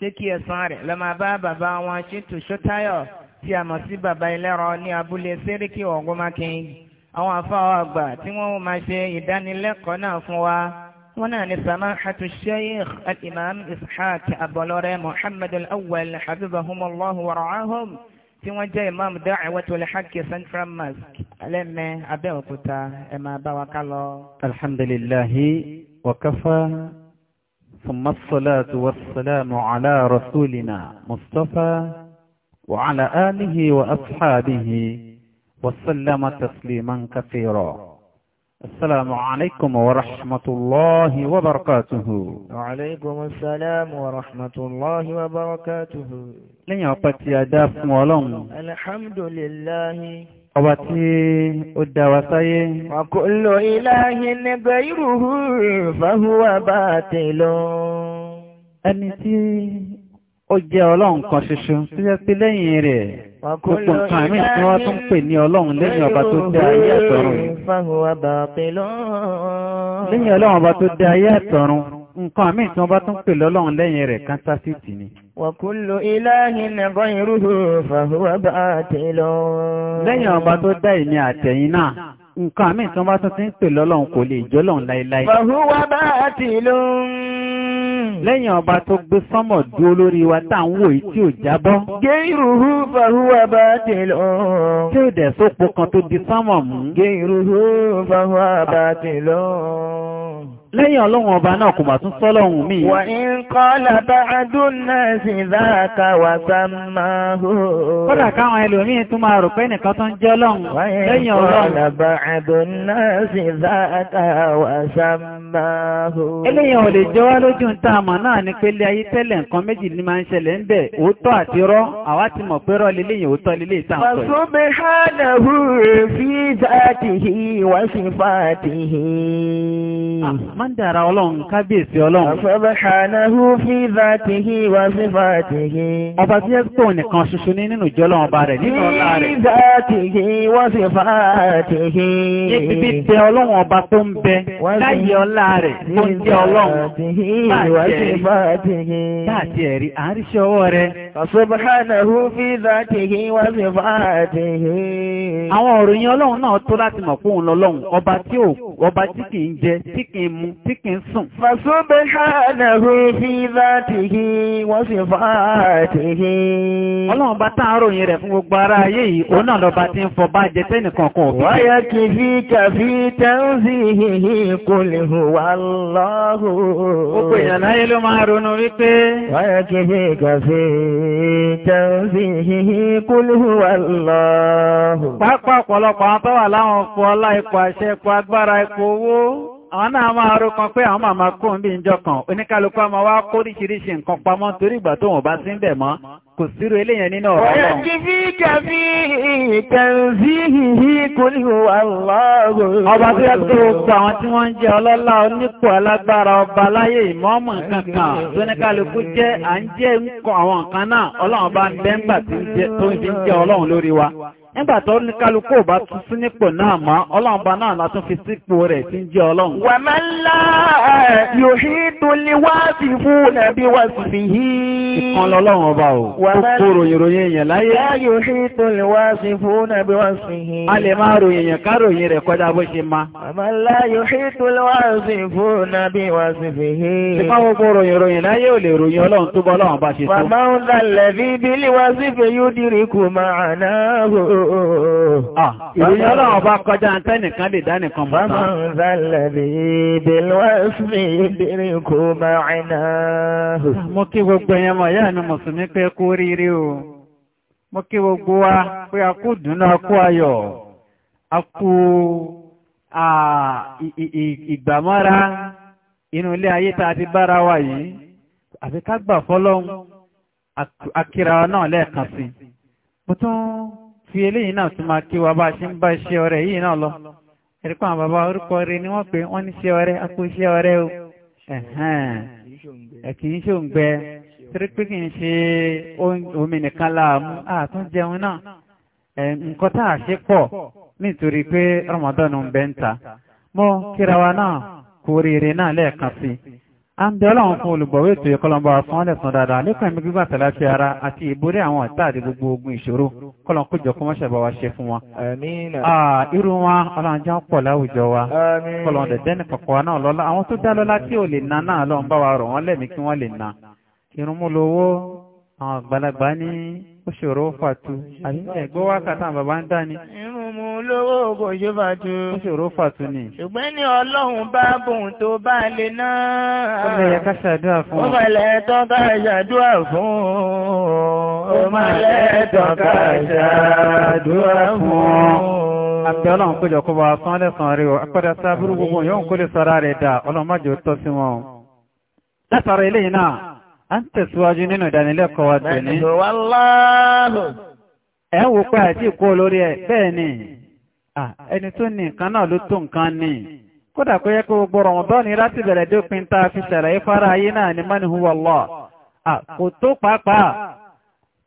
pé kí ẹ̀san rẹ̀ lọ máa bá bàbá wọn Chintu Ṣótáyọ̀ tí a mọ̀ sí bàbá ẹlẹ́rọ ní abúlé Séríkì Ògúnmákin àwọn afáwọ̀ àgbà tí wọ́n máa ṣe ìdánilẹ́kọ̀ọ́ náà fún wa wọ́n náà ní samahatu sheikh al-imam ishaq abọlọ́rẹ́ muhammad al-awwal habibahumullahu wa ra'ahum tí wọ́n jẹ́ imam da'watul haqqi central mosque alẹ́mẹ́ abẹ́òkúta ẹ̀ máa bá wa kálọ. alhamdulillahi wa kafa ثم الصلاة والسلام على رسولنا مصطفى وعلى آله وأصحابه وسلم تسليما كثيرا السلام عليكم ورحمة الله وبركاته وعليكم السلام ورحمة الله وبركاته لن يعطي أداف ولن الحمد لله Ọba tí ó dá wa sáyé. Wa kullu ilahin ghayruhu fahuwa batilun. Ẹni tí ó jẹ́ ọlọ́run kan ṣoṣo tí ó ti lẹ́yìn rẹ̀ gbogbo nǹkan àmì tí wọ́n tún pè ní ọlọ́run lẹ́yìn ọba tó dá ayé àtọ̀run. Lẹ́yìn ọlọ́run ọba tó dá ayé àtọ̀run, nǹkan àmì tí wọ́n bá tún pè lọ́lọ́run lẹ́yìn rẹ̀ kántásìtì ni. وكل إله غيره فهو باطل lẹ́yìn ọba tó dá èmi àtẹ̀yin náà nǹkan àmì tí wọ́n bá tún ti ń pè lọ́lọ́run kò lè jọ́lọ́run láíláí. فهو باطل lẹ́yìn ọba tó gbé sánmọ̀ dúró lórí wa tá ń wò yìí tí ò jábọ́. gẹ́rùhù fàhùwà bá tè lọ. tí kan tó di sánmọ̀ mú. gẹ́rùhù fàhùwà bá lẹ́yìn ọlọ́run ọba náà kò mà tún sọ́lọ́run mi. wà ń kọ́ lábá adúnà sí dáàkà wà sàmà hó. kódà káwọn ẹlòmíín tún máa rò pé nìkan tó ń jẹ́ ọlọ́run lẹ́yìn ọlọ́run. wà ń kọ́ lábá sí dáàkà wà sàmà hó. ò lè jọ wá lójú tá a mọ̀ náà ni pé ilé ayé tẹ́lẹ̀ nǹkan méjì ni máa ń ṣẹlẹ̀ ń bẹ̀ òótọ́ àti rọ́ àwa ti mọ̀ pé rọ́ lélẹ́yìn òótọ́ lélẹ́ Subhanahu fi kádàrá ọlọ́run kábíyèsí ọlọ́run. Subhanahu fi dhatihi wa sifatihi. Ọba tí Ẹ́sítọ̀ nìkan ṣoṣo ní nínú ìjọ ọba rẹ̀ nínú ọlá rẹ̀. Fi dhatihi wa sifatihi. Ibi tẹ ọlọ́run ọba tó ń bẹ láyé ọlá rẹ̀ tó ń jẹ́ ọlọ́run. Báàtì ẹ̀rí àáríṣẹ́ ọwọ́ rẹ̀. Subhanahu fi dhatihi wa sifatihi. Àwọn òròyìn ọlọ́run náà tó láti mọ̀ fóun lọ́lọ́run ọba ni tí kì í sùn. Fàṣúbẹ̀ ṣáàdàrú fi látihi wọ́n sì fàátihi. Ọlọ́run bá tán àròyìn rẹ̀ fún gbogbo ara ayé yìí, òun náà lọ́ba ti ń fọba jẹ tẹ́nì kankan òfin. Wáyà kì í fi kàfi tẹ́ǹsì hìhì kò lè hù wá lọ́hù. Gbogbo èèyàn láyé ló máa ronú wípé. Wáyà kì í fi kàfi tẹ́ǹsì hìhì kò lè hù wá lọ́hù. Pápá ọ̀pọ̀lọpọ̀ àwọn tó wà láwọn ọkọ̀ ọlá ipò àṣẹ ipò agbára ipò owó. àwọn náà máa rò kan pé àwọn màmá kó ń bí ìjọ kan oníkálukú àmọ́ wá kó oríṣiríṣi nǹkan pamọ́ torí ìgbà tó bá sí ń bẹ̀ mọ́ kò sírò eléyẹn nínú ọ̀rọ̀ ọba tó yẹ kankan tó jẹ́ à ń jẹ́ ń kọ àwọn nǹkan náà ọlọ́run bá ń nígbà tó ní kálukú ò bá tún sí nípò náà mọ́ ọlọ́run bá náà látún fi sípò rẹ̀ tí ń jẹ́ ọlọ́run. wàmẹ́lá yòóhí dúnlé wá sí fún nàbí wá sí fi hí. ìkan lọ́lọ́run ọba o kókó ròyìn ròyìn èèyàn láyé. yòóhí dúnlé wá sí fún nàbí wá sí fi hí. a lè máa ròyìn èèyàn ká ròyìn rẹ̀ kọjá bó ṣe ma. wàmẹ́lá yòóhí dúnlé wá sí fún nàbí wá sí fi hí. ìpá gbogbo Ah, ìròyìn ọlọ́run bá kọjá tẹ́nìkan lè dánìkan mọ́ tán. bámọ̀ zálẹ̀bí bílwẹ́sì ìbírí kò máa ẹ̀nà. mo kí gbogbo ẹ̀yàn mọ̀ yá ni mùsùlùmí pé kú rírí o mo kí gbogbo wa pé a kú dùnú a kú ayọ̀ a kú ìgbàmọ́ra inú ilé ayé tá a ti bára wa yìí àfi ká gbà fọ́lọ́hún akíra náà lẹ́ẹ̀kan sí mo tún. fi eléyìí náà tún máa kí wa bá ṣe ń bá iṣẹ́ ọrẹ yìí náà lọ ẹ̀ríkọ àwọn bàbá orúkọ rẹ ni wọ́n pè wọ́n ní iṣẹ́ ọrẹ akó iṣẹ́ ọrẹ o ẹ̀kì ń ṣòǹgbẹ torí pé kì í ṣe omi nìkan láàmú àtún jẹun náà nǹkan tá a ṣe pọ̀ nítorí pé Ramadan ń bẹ́ ń ta mọ́ kíra wa náà àǹdẹ̀ ọlọ́run fún olùgbọ̀wé ètò ìkọlọmbọ̀ fún ọlẹ́sùn dáadáa lẹ́kọ̀ọ́ ẹ̀mí gbígbà tàlàfi ara àti ìborí àwọn ọ̀tá àti gbogbo ogun ìṣòro kọlọ̀n kójọ kó wa ṣe fún wọn. irú wọn ọlọ́run jẹ́ ń pọ̀ láwùjọ wa kọlọ̀n dẹ̀dẹ́ ní kọ̀kọ́ náà lọ́lá àwọn na náà lọ́n àwọn àgbàlagbà ní òṣèrò fàtú àbí ẹ̀gbọ́ wákàtà bàbá ń dá ní. irun mu lówó kò ṣe fàtú. òṣèrò fàtú ni. ṣùgbọ́n ní ọlọ́run bá bòun tó bá lè náà. ó lẹ́yẹ ká ṣàdúrà fún. ó mọ̀lẹ́ tán ká ṣàdúrà fún. ó mọ̀lẹ́ tán ká ṣàdúrà fún àbí ọlọ́run kójọ kó bá sán lẹ́sàn rí o akọ́dá sáà gbogbo yóò kó lè sọ́ra rẹ̀ dà ọlọ́run má jò tọ́ sí wọn. látara a ń nínú ìdánilẹ́kọ̀ọ́ wa tẹ̀ ní. ẹ wò pé àti ìkó lórí ni ẹni tó ní nǹkan náà ló tó nǹkan ni kódà kó yẹ kó gbogbo ni láti bẹ̀rẹ̀ dópin tá a fi ṣàlàyé fara ayé náà ni huwa kò tó pàápàá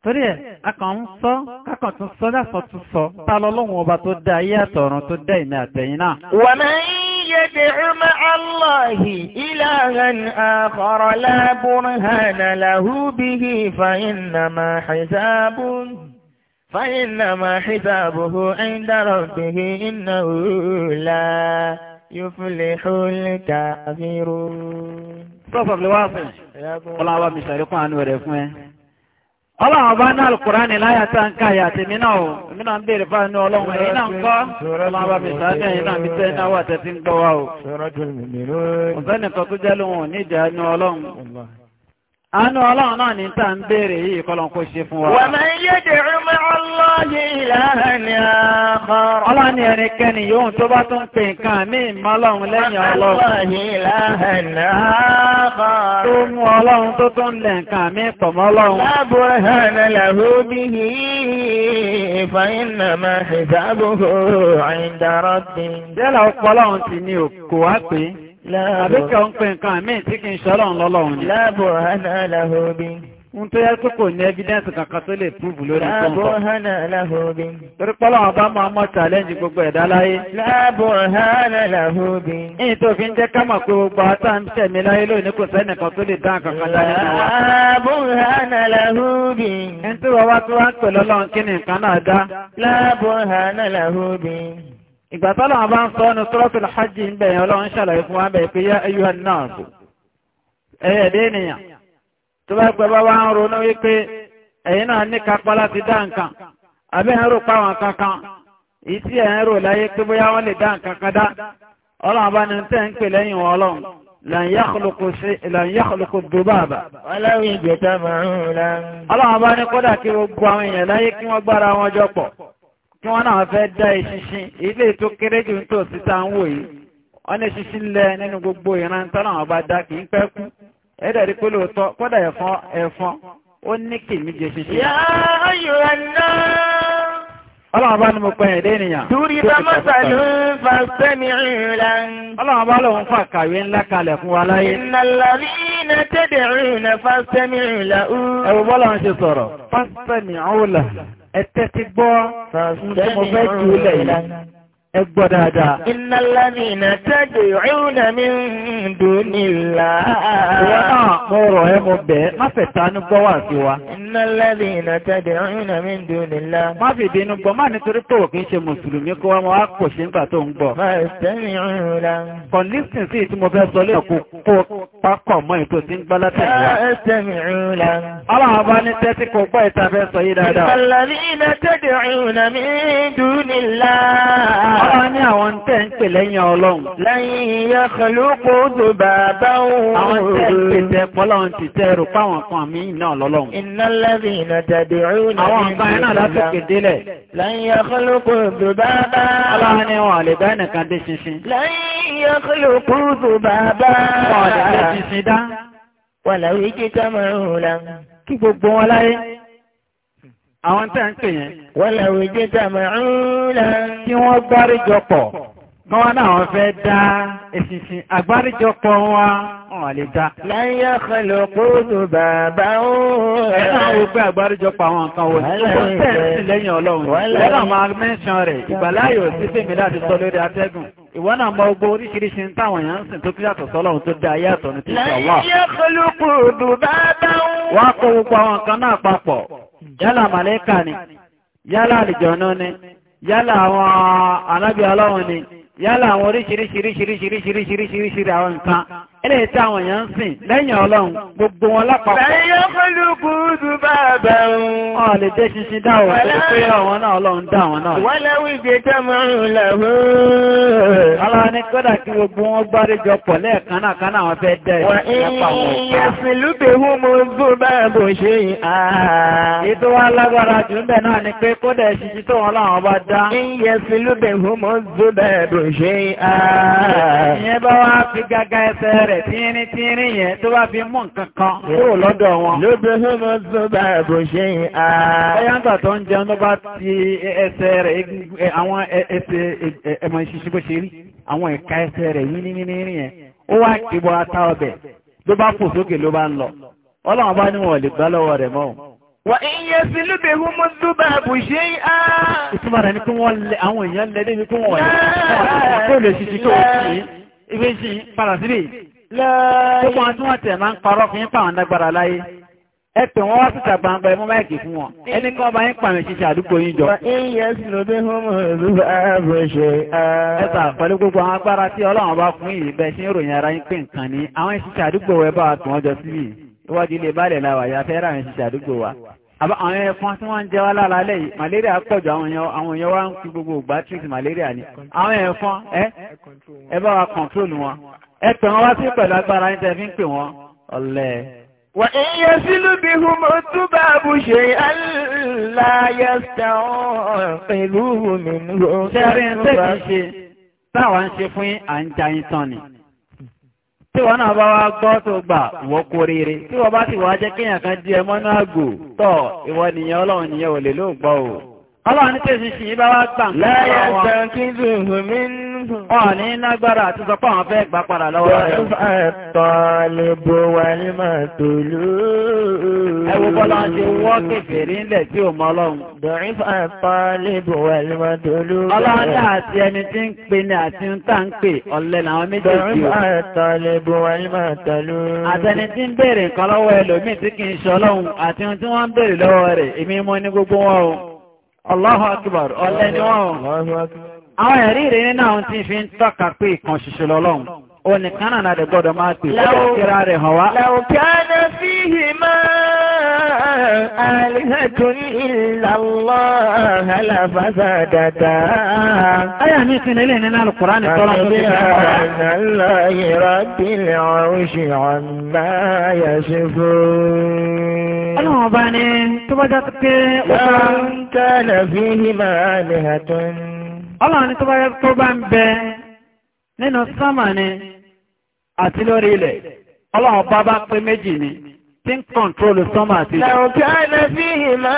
torí ẹ̀ akàn ń sọ kákan tún sọ lásán tún sọ tá ọba يدع مع الله إلها آخر لا برهان له به فإنما حسابه فإنما حسابه عند ربه إنه لا يفلح الكافرون. sọ́fọ̀ mi wá fún ẹ̀. ọlọ́wà mi ọlọ́run bá náà kùránì láyà tá ń káyà àti mi náà mi náà ń bèèrè bá ní ọlọ́run ẹ̀yìn náà ń kọ́ ọlọ́run bá mi sáájú ẹ̀yìn náà mi tẹ́ náà wà tẹ́ ti ń gbọ́ wa o ọ̀sẹ́nìkan tó jẹ́ lóhun nídìí àánú ọlọ́run Àánú ọlọ́run náà ní tàà ń béèrè yìí kọlọ̀n kó ṣe fún wa. Wa man yad'u ma'a Allahi ilahan akhar. Ọlọ́run ni ẹnikẹ́ni yóò tó bá tún pè nǹkan mí ìmọ́lọ́run lẹ́yìn ọlọ́run. ọlọ́run tó tún lẹ̀ nǹkan mí pọ̀mọ́ ọlọ́run. La burhana lahu Àbíkà ń pè nǹkan àmì tí kì í ṣọ́rọ̀ lọ́lọ́run ni. Láàbò hánà aláhóbi. Ń tó yẹ tó kò ní evidence kankan tó lè prove lórí nǹkan. Láàbò hánà aláhóbi. Torí pọ́lọ́ wọn bá máa mọ́ challenge gbogbo ẹ̀dá láyé. Láàbò hánà aláhóbi. Ìyìn tó fi ń jẹ́ ká mọ̀ pé gbogbo àtà ń tẹ̀mí láyé lónìí kò sẹ́nì kan tó lè dá nǹkan kan dá ni nǹkan náà dá. Láàbò hánà aláhóbi ìgbà tọ́lọ̀ wọn bá ń sọ ọ́nà suratul hajj ń bẹ̀yàn ọlọ́run ṣàlàyé fún wọn bẹ̀rẹ̀ pé yá ayyuhan nas ẹ̀yẹ̀ dé ènìyàn tó bá pẹ́ bá wá ń ronú wípé ẹ̀yin náà ní kápá láti dá nǹkan àbí ẹ̀ ń rò páwọn kankan èyí tí ẹ̀ ń rò láyé pé bóyá wọ́n lè dá nǹkan kan dá ọlọ́run bá ní tẹ́ ń pè lẹ́yìn wọn ọlọ́run lan yakhluqu ọlọ́run ìgbẹ́ta máa kódà kí gbogbo àwọn èèyàn láyé kí wọ́n gbára wọn jọ pọ̀ kí wọ́n náà fẹ́ dá eṣinṣin ilé tó kéré jù ń tò síta ń wò yìí wọ́n ní eṣinṣin lẹ nínú gbogbo ìran tọ́nà ọba dá kì í pẹ́ kú ẹ̀dẹ̀ rí pé lóòótọ́ kódà ẹ̀fọn ẹ̀fọn ó ní kìmí jẹ eṣinṣin. yà á yọ ẹ̀nà. ọlọ́run bá ní mo pẹ́ ẹ̀dẹ́ ènìyàn. torí bá mọ́sàlù sẹ́mi ìrìnlá. ọlọ́run bá lòun fà kàwé ńlá kalẹ̀ fún wa láyé. ìnàlàrí iná ẹ tẹ́tí gbọ́ tí mo fẹ́ jù lẹ̀ yìí. Ẹ gbọ́ dáadáa. Innal ladhina tad'una min dunillah. Ìwọ́n náà mọ́ rọ̀ ẹ mọ bẹ̀ẹ́, má fẹ̀ tánú gbọ́ wà sí wa. Innal ladhina tad'una min dunillah. Má fi bínú gbọ́, má nítorí pé òkè ṣe Mùsùlùmí kó wọ́n wá kò ṣe nígbà tó ń gbọ́. Má istami'u la. Kọ̀lísìn sí tí mo fẹ́ sọ lé ọ̀kú pápọ̀ mọ́ ètò Ọlọ́run ní àwọn tẹ́ ń pè lẹ́yìn ọlọ́run. Lẹ́yìn ìyá kẹlúkú tó bàbá òun. Àwọn tẹ́ ń pè tẹ́ pọ́lọ́run ti tẹ́ rò páwọn kan mí náà lọ́lọ́run. Iná lẹ́bí wọn lè àwọn tẹ́ ń pè yẹn. wọ́n lè wí gbé jàmọ̀ ńlẹ̀. kí wọ́n gbáríjọpọ̀ kán wọn náà fẹ́ dá èsìsìn àgbáríjọpọ̀ wa wọn lè dá. láyé ọ̀kọ̀lọ̀ kó tó bàbá ó. ẹ náà wo pé àgbáríjọpọ̀ àwọn nǹkan wo ni kò tẹ̀ sí lẹ́yìn ọlọ́run ẹ náà máa mẹ́sàn rẹ̀ ìgbàláyò sí fèmí láti sọ lórí atẹ́gùn ìwọ náà mọ ogbó oríṣiríṣi ń táwọn èèyàn ń sìn tó kíyàtọ̀ sọ́lọ́run tó dá ayé àtọ̀ ní tìṣà wà. láyé ọ̀kọ̀lọ̀ kó tó bàbá ó. wọ́n á kó gbogbo àwọn nǹkan náà papọ̀ yálà màlẹ́kà ni yálà àlìjọ̀nú ni yálà àwọn anábì ọlọ́run ni yálà àwọn oríṣiríṣiríṣiríṣiríṣiríṣiríṣiríṣiríṣiríṣiríṣiríṣiríṣiríṣiríṣi àwọn nǹkan eléyìí tí àwọn èèyàn ń sìn lẹ́yìn ọlọ́run gbogbo wọn lápapọ̀. ẹ̀yọ́ pẹ̀lú kúrúdù bàbá òun. ọ̀ lè dé ṣinṣin dá wọn tó pé àwọn náà ọlọ́run dá àwọn náà. wọ́n láwí ìgbé tẹ́mọ̀rún lẹ́wọ́. ọlọ́run ní kódà kí gbogbo wọn gbárẹ́jọ pọ̀ lẹ́ẹ̀kan náà kan náà wọ́n fẹ́ dẹ́ ìyẹ̀sìn lúbẹ̀ hùmọ̀ ṣe'a. ìyẹn bá wá fi gágá ẹsẹ̀ rẹ̀ tíírín tíírín yẹn tó bá fi mú nǹkan kan kúrò lọ́dọ̀ wọn. lóbi fúnfún tó bá ẹ̀bù ṣe'a. ọyáǹgbà tó ń jẹun tó bá ti ẹsẹ̀ rẹ̀ àwọn ẹsẹ̀ ẹ̀mọ̀ ìṣiṣẹ́ bó ṣe rí àwọn ẹ̀ka ẹsẹ̀ rẹ̀ yínníyínní yẹn ó wá kìbọ̀ ata ọbẹ̀ ló bá fò sókè ló bá ń lọ ọlọ́run bá níwọ̀n lè gbá lọ́wọ́ rẹ̀ mọ́ Wà ìyẹ́ sí lóbi ewu mú dúbà bù ṣe ń á. Ìtumọ̀ rẹ̀ ni kí wọ́n lẹ àwọn èèyàn lẹ́dẹ́ ní kí wọ́n wọ̀nyí. Kó lè ṣiṣi kí wọ́n ṣì ìwé ṣì parasiri. Gbogbo àwọn tí wọ́n tẹ̀ máa ń parọ́ fún yín pàwọn lágbára láyé. Ẹ pè wọ́n wá síta gbangba ẹmú máìkì fún wọn. Ẹni kí wọ́n bá yín pàmì ṣiṣẹ́ àdúgbò yín jọ. Ìyẹ́ sí lóbi ewu mú dúbà bù ṣe á. Ẹ sà pẹ̀lú gbogbo àwọn agbára tí Ọlọ́run bá fún yìí bẹ́ẹ̀ ṣe ń ròyìn ara yín pé nǹkan ni àwọn ìṣiṣẹ́ àdúgbò wẹ̀ bá wa tún ọjọ́ síbì. Iwájú ilé balẹ̀ la wà yá fẹ́ ra àwọn ìṣiṣẹ́ àdúgbò wa àbá àwọn ẹ̀fọn tí wọ́n ń jẹ wá lára lẹ́yìn malaria pọ̀jù àwọn èèyàn wá ń fi gbogbo ògbà malaria ni àwọn ẹ̀fọn ẹ ẹ bá wa kọ̀ǹtrol wọn ẹ pè wọn wá sí pẹ̀lú agbára ní tẹ́ fi ń pè wọn ọ̀lẹ. wà yẹ sílùú bí hùmù tó bù ṣe aláyẹ sẹ́wọ̀n pẹ̀lú hùmù nínú. sẹ́rin tẹ́kì ṣe táwa ń ṣe fún à ń tán ni tí wọ́n náà bá wá gbọ́ tó gbà ìwọ kó rere tí wọ́n bá sì wá jẹ́ kéèyàn kan di ẹmọ́ náà gò tọ̀ ìwọ nìyẹn ọlọ́run nìyẹn ò lè lóògbọ́ o Ọlọ́run ní tèmi ṣì yí bá wá gbà ń gbà wá. Láyé ṣan kí dùnú mi nù. Wọ́n ní lágbára àti sọ pé àwọn fẹ́ gbà padà lọ́wọ́ rẹ̀. Wọ́n fà tọ́ lè bo wa ní màá tó lù ú. Ẹ wo bọ́lá ṣe wọ́ kèfèrí ńlẹ̀ tí ò mọ ọlọ́run. Dọ̀rí fà tọ́ lè bo wa ní màá tó lù ú. Ọlọ́run náà àti ẹni tí ń pe ni àti ń tà ń pè Allahu Akbar, ọ̀lẹ́ ni wọ́n. Àwọn ẹ̀rí ìrìn nínú àwọn tí fi ń tọ́ka pé ìkan ṣiṣẹ́ lọ́lọ́run. Ó nìkan náà dẹ̀ gbọ́dọ̀ máa pè fún ìkíra rẹ̀ hàn wá. Làwùkẹ́ alihatun illallah alafasada. Aya mi sinna ilé nínú alukura ni tọ́lá tó ti dá wa. Alayi rabbil arshi amma yasifun. Ọlọ́run ọba ni tó bá já pé. Lọ́ńkà làbí ni màá lè hàtún. Ọlọ́run ni tó bá ń bẹ nínú sámà ni àti lórí ilẹ̀. Ọlọ́run bá bá pé méjì ni tí ń kọ̀ntrólù sọ́mà àti ìlú. Law kana fihima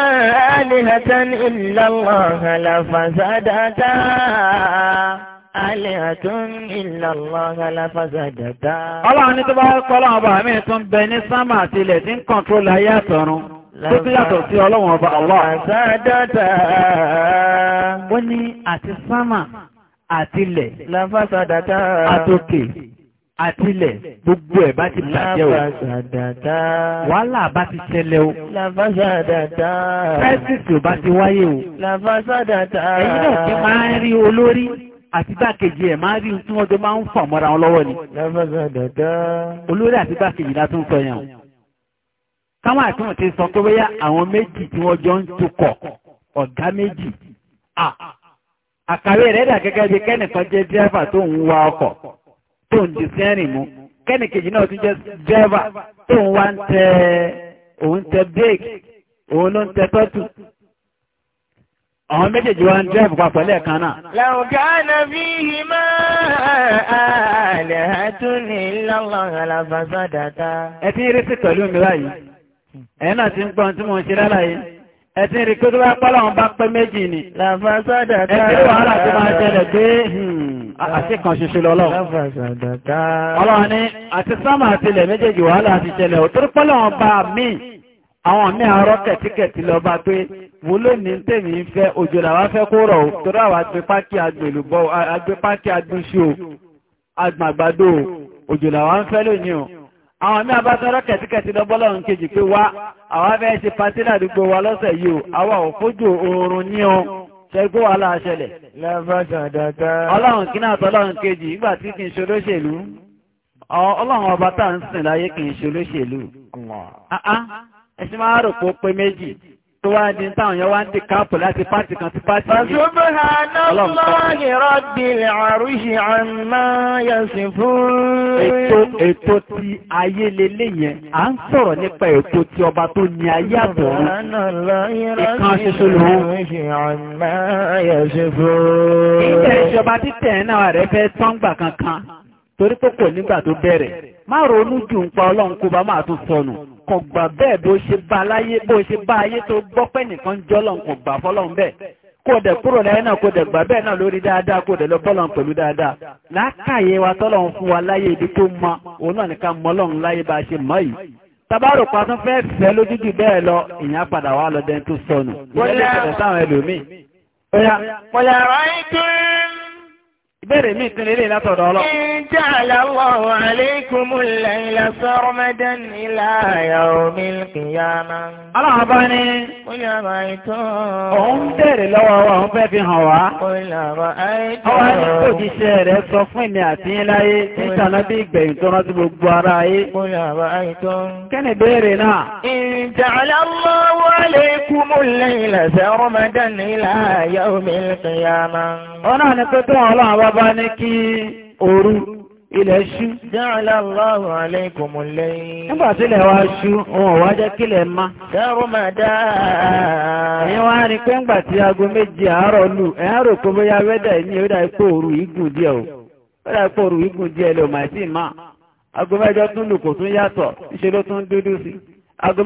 alihatan illa Allah la fasadata. Alihatun illa Allah la fasadata. Ọlọ́run ní tó bá kọ́lọ́ ọba àmì tó ń bẹ ní sọ́mà àti ilẹ̀ tí ń kọ̀ntrólù ayé àtọ̀run. Tó tí yàtọ̀ sí ọlọ́run ọba Allah. Fasadata. Ó ní àti sọ́mà àti ilẹ̀. La Àtòkè àtilẹ̀ gbogbo ẹ̀ bá ti bàjẹ́ o. wàhálà bá ti ṣẹlẹ̀ o. kírẹ́sìtì ò bá ti wáyé o. ẹ̀yin náà ti máa ń rí olórí àti gbákejì ẹ̀ máa rí tí wọ́n jọ máa ń fà mọ́ra wọn lọ́wọ́ ni. olórí àti gbákejì la tún sọ yẹn o. káwọn àti ti sọ pé bóyá àwọn méjì tí wọ́n jọ ń tukọ̀ ọ̀gá méjì. àkàwé rẹ̀ dà gẹ́gẹ́ bí kẹ́nìkan jẹ́ díráfà tó ń wa ọkọ̀ tó ń di sẹ́rìn mú kẹ́nìkejì náà tún jẹ́ dẹ́ẹ̀bà tó ń wá ń tẹ òun tẹ bíréèkì òun ló ń tẹ tọ́tù àwọn méjèèjì wá ń dẹ́ẹ̀bù papọ̀ lẹ́ẹ̀kan náà. làwùkánà fi hì máa àlẹ́ àtúnì lọ́lọ́rọ̀lá fasádàtà. ẹ ti rí sí pẹ̀lú mi báyìí ẹ̀yìn náà ti ń gbọ́n tí mo ń ṣe láláyé ẹ̀sìn rí pé tó bá pọ́lọ̀ wọn bá pẹ́ méjì ni láfàṣádà káàrà ẹ̀sìn wàhálà tó máa jẹ́lẹ̀ pé àti hmm, kan ṣoṣo lọ́lọ́run láfàṣádà káàrà ọlọ́run ni àti sámà àti ilẹ̀ méjèèjì wàhálà ti jẹ́lẹ̀ ò torí pọ́lọ̀ wọn bá mí àwọn mí àárọ̀ kẹ̀tíkẹ̀tí lọ bá pé wo ló ní tèmi ń fẹ́ òjò làwa fẹ́ kó rọ̀ torí àwọn agbépákí agbèlúbọ́ agbépákí agbésí o agbàgbàdo òjò làwa ń fẹ́ lónìí o àwọn mí abátọ́rọ́ kẹ̀tíkẹ̀tí lọ́bọ́lọ́run kejì pé wá àwọn abẹ́ ṣe pàtí ládùúgbò wa lọ́sẹ̀ yìí o àwa ò oorun ní o ṣẹgbó wa láṣẹlẹ̀. ọlọ́run kí náà tọ́lọ́run kejì nígbà tí kì í ṣe olóṣèlú ọlọ́run ọba tá à ń sìn láyé kì í ṣe olóṣèlú. Ah, ah. ẹ̀sìn máa rò pé ó pé méjì tó wá ní táwọn yọ wá ń dì káàpù láti pàtì kan sí pàtì yìí. Subhanallahi rabbil arshi amma yasifun. ètò ètò ti ayé lélẹ̀ yẹn à ń sọ̀rọ̀ nípa ètò ti ọba tó ní ayé àbọ̀rún. ìkan ṣoṣo ló ń. ìjẹ́ ìjọba títẹ̀ náà rẹ̀ fẹ́ tán gbà kankan torí pé kò nígbà tó bẹ̀rẹ̀ má ronú jù ń pa ọlọ́run kó bá máa tún sọnù kò gbà bẹ́ẹ̀ bó ṣe bá láyé bó ṣe bá ayé tó gbọ́ pẹ́ nìkan jọ́lọ̀ kò gbà fọ́lọ́run bẹ́ẹ̀ kó dẹ̀ kúrò láyé náà kó dẹ̀ gbà bẹ́ẹ̀ náà lórí dáadáa kó dẹ̀ lọ bọ́lọ̀ pẹ̀lú dáadáa lákàyè wa tọ́lọ́run fún wa láyé ibi tó mọ òun náà nìkan mọ́lọ́run láyé bá ṣe mọ́ yìí tabaro patun fẹ́ fẹ́ lójújù bẹ́ẹ̀ lọ ìyẹn padà wá lọ tó sọnù ìyẹn lè pẹ̀lẹ́ sáwọn ẹlòmíì. Ìbéèrè mi tún lélẹ̀ látọ̀dọ̀ ọlọ́. Ìjà aláwọ̀ aléìkúmùlẹ̀ ìlàsọ́rọ̀mẹ́dẹ́ nílá àyà omi kìyàmá. Aláwọ̀ bá Kúlàbà ètò. Òun bẹ̀rẹ̀ lọ́wọ́ wa, òun fẹ́ fi hàn wá. Kúlàbà ètò. Ọwọ́ ní kò jíṣẹ́ rẹ̀ sọ fún ìmì àti ńláyé tí ìtànà bí ìgbẹ̀yìn tó rántí gbogbo ara ayé. Kúlàbà ètò. Kẹ́ni béèrè náà. Ìjàlá mọ́ wọlé kú mú lẹ́yìn lẹ́sẹ̀ ọmọdé nílá yóò mi kìyàmá. Ọ ni pé tó àwọn ọlọ́run bá bá ní kí òru ilẹ̀ ṣú. Ja'ala Allahu alaykumul layl. Nígbà tí ilẹ̀ wá ṣú, wọn wá jẹ́ kí ilẹ̀ má. máa dá. Ẹ̀yin wá rí pé ńgbà tí aago méje àárọ̀ lù, ẹ̀yìn igun díẹ̀ o. Ó dà òru igun díẹ̀ lè sí Aago mẹ́jọ tún lù kò tún yàtọ̀, tún dúdú sí. Aago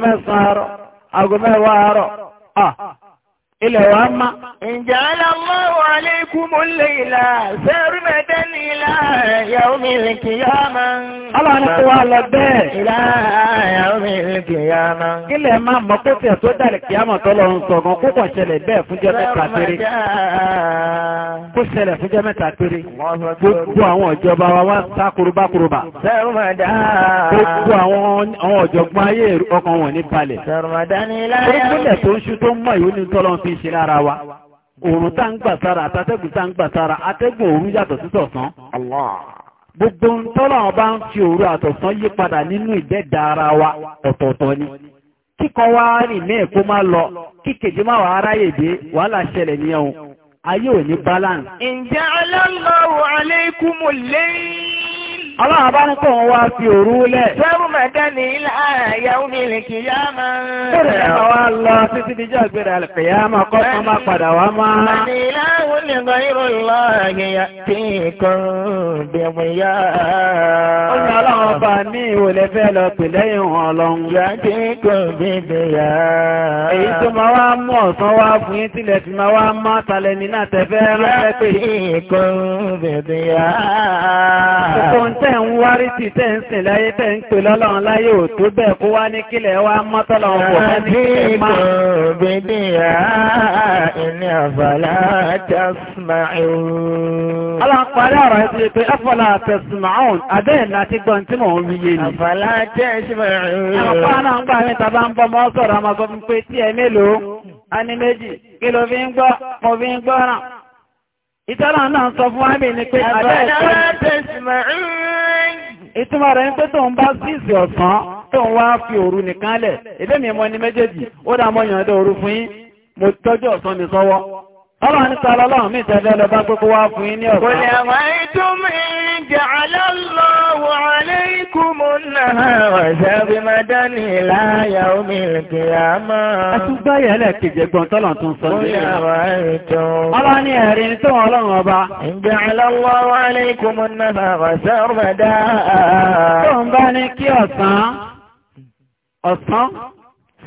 ilẹ̀ wa má. Ǹjẹ́ aláwọ̀ aléìkúmọ̀ lè ilà sẹ́rú mẹ́tẹ́ ní ilá yàwó mi lè kì yá máa ń. Ọlọ́run ni kó wá lọ bẹ́ẹ̀. Ilá yàwó mi lè kì yá máa ń. Kílẹ̀ máa mọ̀ pé tẹ̀ tó dàrí kì á mọ̀ tó lọ ń kó kàn ṣẹlẹ̀ bẹ́ẹ̀ fúnjẹ́ mẹ́ta péré. Kó ṣẹlẹ̀ fúnjẹ́ mẹ́ta péré. Gbogbo àwọn ìjọba wa wá sá korobákorobà. Gbogbo àwọn ọ̀jọ̀gbọ́n ń ṣe lára wa òòrùn tá ń gbà sára àtàtẹ́gùn tá ń gbà sára atẹ́gùn òru yàtọ̀ sí tọ̀sán. gbogbo ń tọ́lọ̀ wọn bá ń fi òru àtọ̀sán yí padà nínú ìdẹ́dà ara wa ọ̀tọ̀ọ̀tọ̀ ni kíkọ́ wá rìn mẹ́ẹ̀ kó má lọ kíkèjì má wàá ráyè dé wàhálà ṣẹlẹ̀ nìyẹn o ayé ò ní balance. ǹjẹ́ aláǹlọ́wọ̀ alaykumul layl Aláwọ̀ bá ń kọ̀ wọn wá fi òru lẹ̀. Sẹ́rù mẹ́tẹ́ ní ilá ìyàwó mi lè kì yá máa. Bẹ́ẹ̀rẹ̀ wá lọ títí díjọ́ ìgbéra kì yá máa padà wá máa. Mẹ́tẹ́ ìlà òun ni gbẹ̀yìn lọ́la àgbẹ̀yà tí kan bẹ̀rẹ̀ yá. Ó ní ọlọ́run bá ní ìwòlẹ̀ fẹ́ lọ pè lẹ́yìn wọn lọ́hùn. Yá tí kan bẹ̀rẹ̀ yá. Èyí tó máa wá mú ọ̀sán wá fún yín tilẹ̀ tí máa wá má talẹ̀ ní náà tẹ́fẹ́ ránṣẹ́ pé. Yá tí kan bẹ̀rẹ̀ yá. Kókó ń tẹ̀ ń wárí tì tẹ̀ ń sìn láyé tẹ̀ ń pè lọ́lọ́run láyé ò bẹ́ẹ̀ kó wá ní kílẹ̀ wá mọ́ tọ́lọ́run Ìní àfàlà tẹ́ تسمعون alápàárí ọ̀rọ̀ ẹ̀ ti pé afọ́lá tẹ̀sùmáhùn abẹ́ẹ̀ náà ti gbọ́n tí mò ń wíyé ni. àfàlá jẹ́ ìṣẹ́bẹ̀rẹ̀. àwọn ọ̀pá náà ń gbà mí tàbá ń bọ́ mọ́ sọ̀rọ̀ ọmọ sọ fún pé tí ẹ mélòó a ní méjì kí ló fi ń gbọ́ mo fi ń gbọ́ náà. ìtọ́lá náà sọ fún wámi ni pé abẹ́ẹ̀ tẹ̀sùmáhùn. ìtumọ̀ rẹ̀ ń pé tó ọ̀sán tó ń Ọlọ́run ní sọ́lọ́ lọ́wọ́ mi tẹ́lẹ̀ lọ bá gbogbo wá fún yín ní ọ̀sán. Kò lè wá ètò mi jẹ́ alọ́lọ́wọ́ aléìkúmù náà ọ̀sẹ̀ bí máa dání láyà omi ìrìnkì àmọ́. A tún gbá yẹlẹ̀ kejì ẹgbọ́n tọ́lọ̀ tún sọ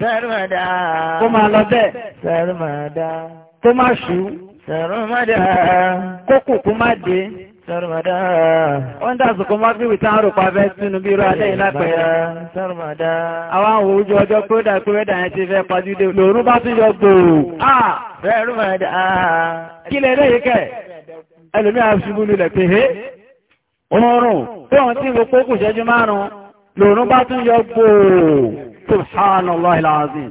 Sẹ́rùmọ̀dá. Kó máa lọ bẹ́ẹ̀. Sẹ́rùmọ̀dá kó má ṣú sẹ̀rọ̀mọ́dá kókò kó má dé sẹ̀rọ̀mọ́dá wọ́n dáàsù kó má fíwì tán rò pàfẹ́ sínú bí irú alẹ́ ìlápẹ̀yà sẹ̀rọ̀mọ́dá àwọn àwọn ojú ọjọ́ pé ó dà pé wẹ́dà yẹn ti fẹ́ pàdúdé lòrún bá tún yọ gbòò sẹ̀rọ̀mọ́dá kí lè lóye kẹ́ ẹlòmí àṣubú lulẹ̀ pé hé oorun pé wọ́n ti ń wo kókò ṣẹ́jú márùn-ún lòrún bá tún yọ gbòò subhanallah ilazim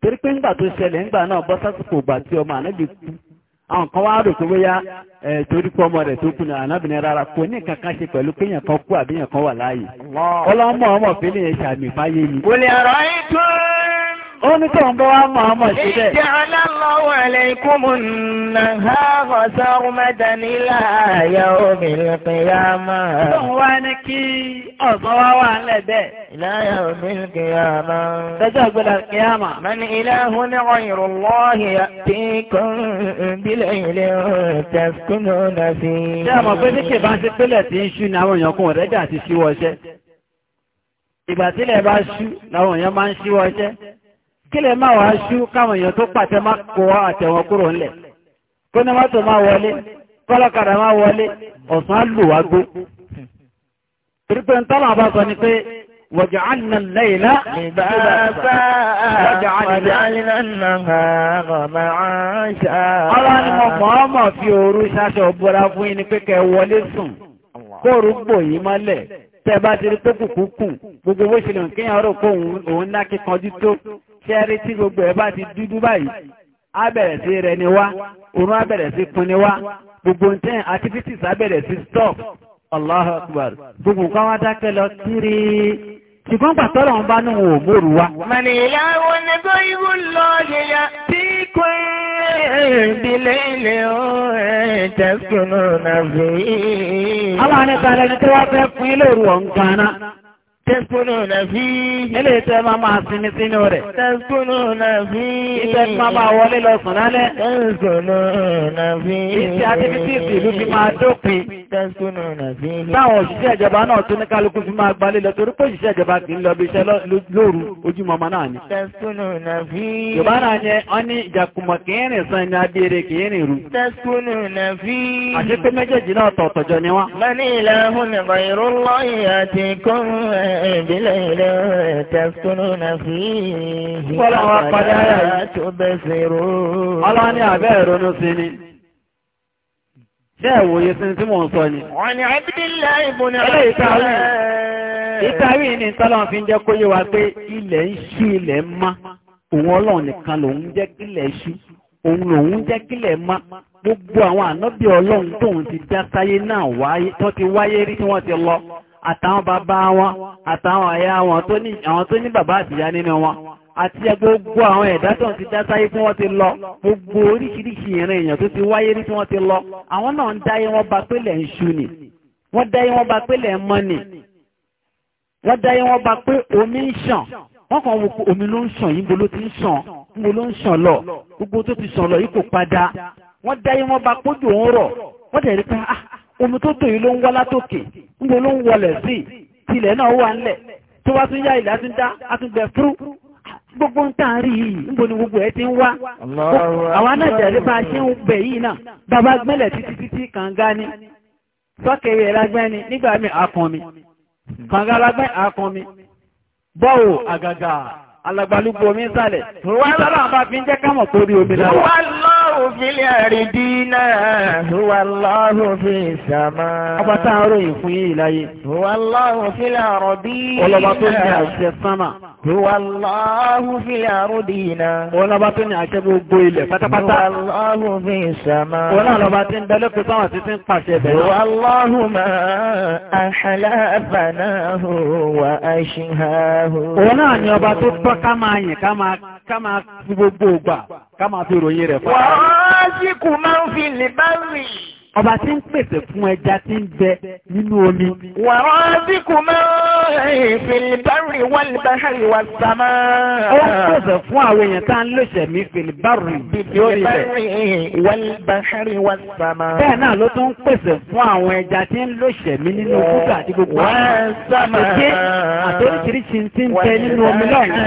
torí pé ńgbà tó ṣẹlẹ̀ ńgbà náà bọ́ sásìkò ìgbà tí ọmọ ànábì kú àwọn kan wá rò pé bóyá ẹ̀ torí pé ọmọ rẹ tó kú ní ànábì ní rárá kò ní kankan ṣe pẹ̀lú pé èèyàn kan kú àbí èèyàn kan wà láàyè ọlọ́mọ ọmọ fílẹ̀ ó ní tó ń bọ́ wá mọ̀ ọmọ ṣe bẹ́ẹ̀. ìjẹ́ aláwọ̀ ẹ̀lẹ́ ikú mu nà ha ọ̀sán ọmọdé nílà ayé obìnrin kìyàmá. tóun wá ní kí ọ̀sán wá wà bẹ́ẹ̀. ìláyà ní tí kò ń bílẹ̀ ilé náà sí. ṣé àmọ̀ pé ní kílẹ̀ máa wá ṣú káwọn èèyàn tó pàtẹ máa kọ́ àtẹ̀wọ̀n kúrò ńlẹ̀ kó ní mọ́tò máa wọlé kọ́lọ́kadà máa wọlé ọ̀sán lù wá gbó pírípẹ́ tọ́lá bá sọ ni pé waj'alna al-layla libasan waj'alna an-nahara ma'asha ọlọ́ ni mo mọ̀ ọ́ mọ̀ bá ti rí tó kùkú kù gbogbo bó ṣe lè kéèyàn rò pé òun náà kíkanjú tó ṣẹ́rí tí gbogbo ẹ̀ bá ti dúdú báyìí á bẹ̀rẹ̀ sí rẹ ni wá oorun á bẹ̀rẹ̀ sí gbogbo ntẹ́ activities á bẹ̀rẹ̀ sí stop Allah Akbar gbogbo nǹkan wá dákẹ́ lọ kiri ṣùgbọ́n pàtọ́rọ̀ ń bá wa. mànìyà wọn ni tó ibú lọ yẹyà tí kò ìbílẹ̀ náà fi. àwọn ni tí wọ́n fẹ́ fún ilé Tẹ́sùnù nàbí. Ilé ìtẹ́ máa máa sinmi sínú rẹ̀. Tẹ́sùnù nàbí. Ìtẹ́ máa máa wọlé lọ sùn lálẹ́. Tẹ́sùnù nàbí. Iṣẹ́ activities ìlú fi máa dópin. Tẹ́sùnù nàbí. Táwọn òṣìṣẹ́ ìjọba náà tún ní kálukú fi máa gbalé lọ torí pé òṣìṣẹ́ ìjọba kì í lọ bí iṣẹ́ lóru ojúmọmọ náà ni. Tẹ́sùnù nàbí. Yorùbá náà yẹ ọ́ ní ìjàkùmọ̀ kì í rìn san ní abẹ́rẹ́ kì í rìn rú. بليل تسكنون فيه ولا تبصرون الله ni ni ṣé tí mò ń sọ ni ni ìtàrí ní tọ́lọ́n fi ń jẹ́ pé ilẹ̀ ń ṣú ilẹ̀ má òun ọlọ́run nìkan lòun jẹ́ kílẹ̀ òun lòun jẹ́ gbogbo àwọn ànábì ọlọ́run tóun ti dá sáyé náà wáyé tó ti àtàwọn bàbá wọn àtàwọn àyà wọn àwọn tó ní bàbá àtìyá nínú wọn àti gbogbo àwọn ẹ̀dá tó ti dá sáyé tí wọ́n ti lọ gbogbo oríṣiríṣi ìran èèyàn tó ti wáyé rí tí wọ́n ti lọ àwọn náà ń dáyé wọ́n bá pélẹ̀ ń ṣu ni wọ́n dáyé wọ́n bá pélẹ̀ ń mọ́ ni wọ́n dáyé wọ́n bá pé omi ń ṣàn wọ́n kàn wò pé omi ló ń ṣàn yìí ń bo ló ti ń ṣàn ń bo ló ń ṣàn lọ gbogbo tó ti ṣàn lọ yìí kò padà wọ́n dáyé wọ́n bá pójú òun rọ̀ wọ́n dẹ̀ rí pé ah omi tó dùn yìí ló ń wá látòkè níbo ló ń wọlẹ̀ sí tilẹ̀ náà wà ńlẹ̀ tó wá tún ya ilẹ̀ dá gbogbo ń tàn rí yìí níbo ni gbogbo ẹ ti ń wá àwọn a ṣe ń bẹ̀ yìí náà bàbá gbẹ́lẹ̀ títí títí kànga ni sọ́kẹ̀wé ni nígbà mi àkàn mi kànga alágbẹ́ mi bọ́ọ̀ àgàgà alàgbàlúgbò mi wọ́n fi ń jẹ́ kámọ̀ الله في الأرضين هو الله في السماء ọba tá a ròyìn fún yìí láyé. هو الله في الأرضين ọlọ́ba tó ní àṣẹ sánmà. هو الله في الأرضين ọlọ́ba tó ní àṣẹ gbogbo ilẹ̀ pátápátá. هو الله في السماء ọlọ́ba tí ń bẹ lókè sáwọn títí ń pàṣẹ bẹ̀rẹ̀. هو الله ما أحلى فناه وأشهاه. òun náà ni ọba tó tọ́ ká máa yìn ká máa ká máa fi gbogbo ògbà ká máa fi ròyìn rẹ̀ fún wa. wàá síkù máa ń fi lè bá rìn ọba tí ń pèsè fún ẹja tí ń bẹ nínú omi. wàá dínkù máa ìfìlìbárì wàlìbáhárì wà sàmà. ó ń pèsè fún àwọn èèyàn tá ń lòṣẹ̀ mí fìlìbárì lórí rẹ̀. wàlìbáhárì wà sàmà. bẹ́ẹ̀ náà ló tún ń pèsè fún àwọn ẹja tí ń lòṣẹ̀ mí nínú kúkà àti gbogbo àwọn àtòkè àtòríṣiríṣi tí ń bẹ nínú omi lọ́yìn.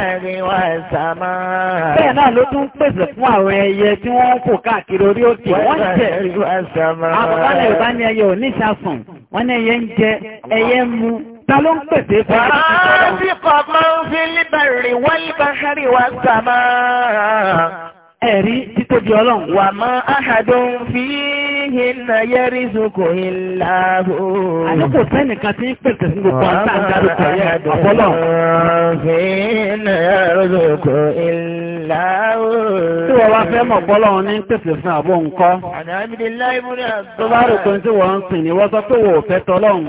bẹ́ẹ̀ náà ló tún pèsè fún àwọn ẹyẹ tí wọ́n ń fò káàkiri orí òkè wọ́n jẹ̀ Àwọn bàbá náà bá ní ẹyẹ ò ní ṣàfùn, wọ́n ní ẹyẹ ń jẹ, ẹyẹ ń mu, ta ló ń pèsè fún Ẹ̀rí títóbi ọlọ́run. wà má ahadun fi hinna yẹ́rì zoko ìlà o. àdókò sẹ́nìkan ti ń pèsè sí gbogbo àtà àdárúkọ yẹn ọ̀pọ̀lọ́. fi hinna yẹ́rì zoko ìlà o. tí wọ́n wá fẹ́ mọ̀ bọ́lọ́run ní pèsè fún àbọ̀ ńkọ́. tó bá rò pé tí wọ́n ń sìn ni wọ́n sọ pé wò ó fẹ́ tọ́lọ́run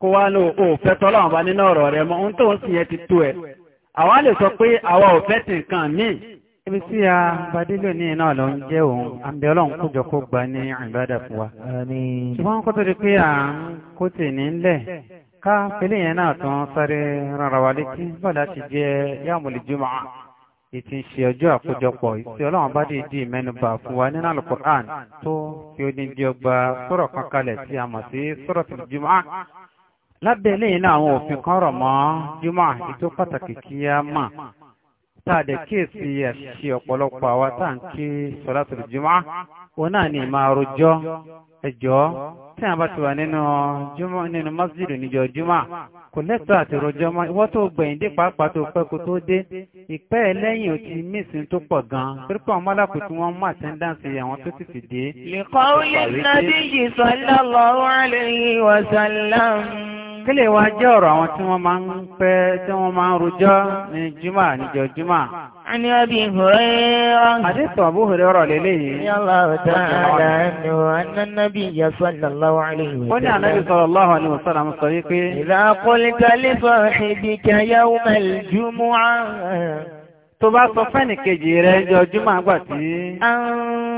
kó wá lò ó fẹ́ tọ́lọ́run bá nínú ọ̀rọ̀ rẹ̀ mọ́ ohun tó ń sìn yẹn ti tó ẹ̀. àwa lè sọ pé àwa ò tì nǹkan míì ibi tí a gbadélò ní iná lọ ń jẹ́ òun àmì ọlọ́run kójọ kó gba ní ìbádà fún wa ṣùgbọ́n kó tó di pé à ń kó tè ní ńlẹ̀ ká pẹ̀lẹ́ yẹn náà tún sáré rárá wa létí bọ́dà ti jẹ́ yàmùlì jùmọ̀ ìtì ń ṣe ọjọ́ àkójọpọ̀ ìsí ọlọ́run bá dìídì mẹ́nubà fún wa nínú alukur'an tó fi odindi ọgbà sọ̀rọ̀ kan kalẹ̀ tí a mọ̀ sí sọ̀rọ̀ tó jùmọ̀ lábẹ́ lẹ́yìn náà àwọn òfin kan rọ̀ mọ́ jùmọ̀ ètò pàtàkì kí a mọ̀ tàdé kíyèsí ẹ̀ṣẹ̀ ọ̀pọ̀lọpọ̀ àwa tá à ń kí sọ̀látùl jùmọ́ òun náà ni máa rojọ́ ẹjọ́ tí a bá ti wà nínú jùmọ́ nínú masjid níjọ jùmọ́ kò lẹ́tọ̀ àti rojọ́ mọ́ ìwọ́ tó gbẹ̀yìn dé pàápàá tó pẹ́ kó tó dé ìpẹ́ lẹ́yìn òtí mísìn tó pọ̀ gan-an pípọ̀ tí wọ́n mú àtẹ́ńdáǹsì àwọn tó sì ti dé. lè kọ́ kílè wa jẹ́ ọ̀rọ̀ àwọn tí wọ́n máa ń pẹ́ tí wọ́n máa ń rojọ́ ní jùmọ̀ níjọ jùmọ̀. a ní Abi Hurairah. àdìsọ̀ Abu Hurairah lélẹ́yìí. yallahu ta'ala anhu anna nabiyya sallallahu alayhi wa sallam. ó ní ànábì sallallahu alayhi wa sallam sọ wípé. idha qulta li sahibika yawmal jumu'ah. tó bá sọ fẹ́nìkejì rẹ̀ jọ jùmọ̀ àgbà tí. àwọn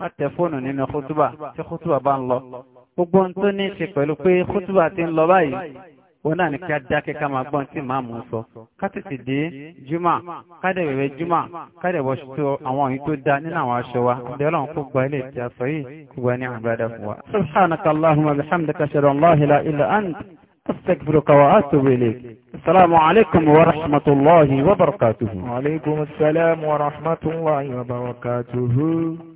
má tẹ fóònù nínú kútúbà tí kútúbà bá ń lọ gbogbo ohun tó ní í ṣe pẹ̀lú pé kútúbà ti ń lọ báyìí òun náà ní kí a dákẹ́ ká máa gbọ́n tí màá mú un sọ ká tètè dé júmà ká dẹ̀ wẹ̀wẹ̀ júmà ká dẹ̀ wọṣọ àwọn òyìn tó dá nínú àwọn aṣọ wa ìdí ọlọ́run kó gba ilé ìtì aṣọ yìí kó gba ní àbúradà fún wa. subhanaka allahumma bihamdika ashhadu an illa ant astaghfiruka wa atubu ilayk. assalamu alaykum wa rahmatullahi wa barakatuhu. wa alaykum assalam wa rahmatullahi wa barakatuhu.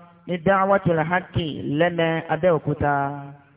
ní dáwàtúlá hákì lẹ́mẹ abẹ́òkúta.